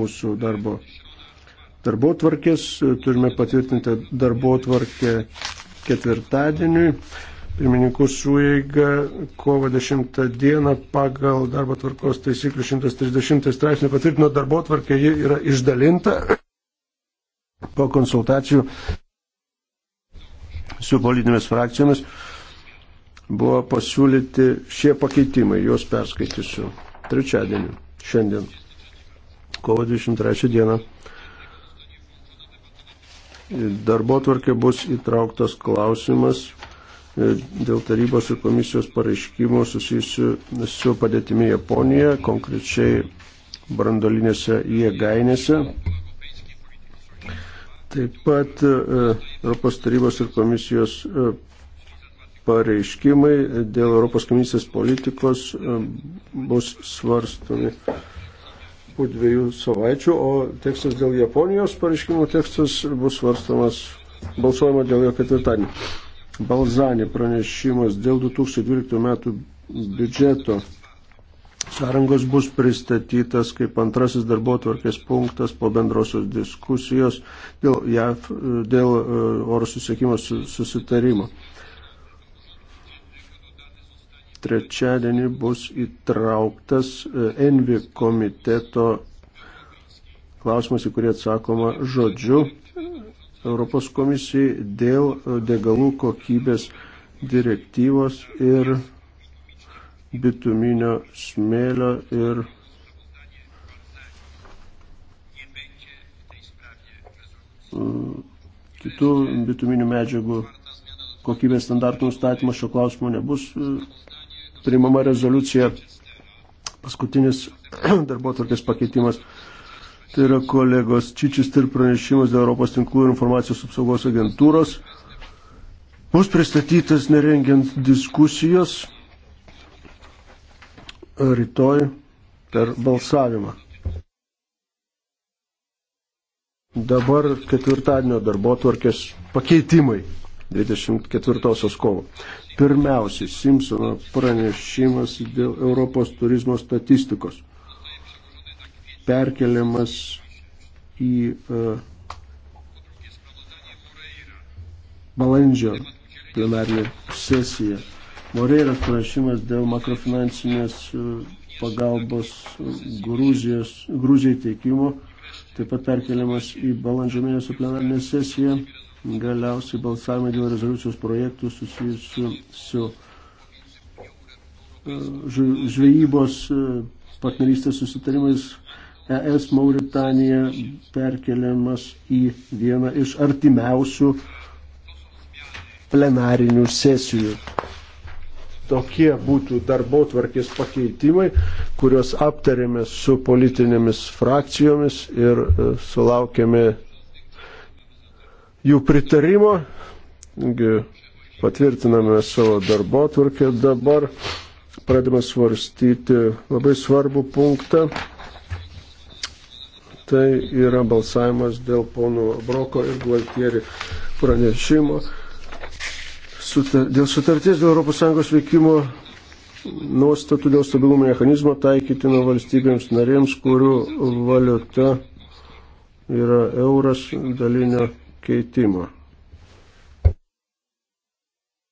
mūsų darbo darbo tvarkės. Turime patvirtinti darbo tvarkę ketvirtadieniui. Pirmininkų suėga kovo 10 dieną pagal darbo tvarkos taisyklių 130 straipsnį patvirtino darbo tvarkę, ji yra išdalinta po konsultacijų su politinėmis frakcijomis buvo pasiūlyti šie pakeitimai, juos perskaitysiu trečiadienį šiandien kovo 23 dieną. Darbo tvarkė bus įtrauktas klausimas e, dėl tarybos ir komisijos pareiškimų susijusių su padėtimi Japonijoje, konkrečiai brandolinėse jėgainėse. Taip pat e, Europos tarybos ir komisijos e, pareiškimai dėl Europos komisijos politikos bus svarstomi po dviejų savaičių, o tekstas dėl Japonijos pareiškimo tekstas bus svarstamas, balsuojama dėl jo ketvirtadienį. Balzanė pranešimas dėl 2012 metų biudžeto sąrangos bus pristatytas kaip antrasis darbo tvarkės punktas po bendrosios diskusijos dėl, JAV, dėl e, oro susiekimo susitarimo trečiadienį bus įtrauktas e, Envi komiteto klausimas, į kurį atsakoma žodžiu Europos komisijai dėl e, degalų kokybės direktyvos ir bituminio smėlio ir kitų bituminių medžiagų kokybės standartų nustatymas šio klausimo nebus e, priimama rezoliucija, paskutinis darbo tvarkės pakeitimas. Tai yra kolegos Čičister pranešimas dėl Europos tinklų ir informacijos apsaugos agentūros. Bus pristatytas nerengiant diskusijos rytoj per balsavimą. Dabar ketvirtadienio darbo tvarkės pakeitimai 24 kovo. Pirmiausiai Simpsono pranešimas dėl Europos turizmo statistikos perkeliamas į uh, balandžio plenarinę sesiją. Moreiras pranešimas dėl makrofinansinės e, pagalbos Gruzijos, Gruzijai teikimo taip pat perkeliamas į balandžio mėnesio plenarinę sesiją galiausiai balsavimai dėl rezoliucijos projektų susijusių su e, žvejybos e, partnerystės susitarimais ES Mauritanija perkeliamas į vieną iš artimiausių plenarinių sesijų. Tokie būtų darbo tvarkės pakeitimai, kuriuos aptarėme su politinėmis frakcijomis ir e, sulaukėme jų pritarimo. Patvirtiname savo darbo tvarkę dabar. Pradėme svarstyti labai svarbų punktą. Tai yra balsavimas dėl ponų Broko ir Gualtieri pranešimo Sutar, dėl sutarties dėl ES veikimo nuostatų dėl stabilumo mechanizmo taikytino valstybėms narėms, kurių valiuta yra euras dalinio keitimo.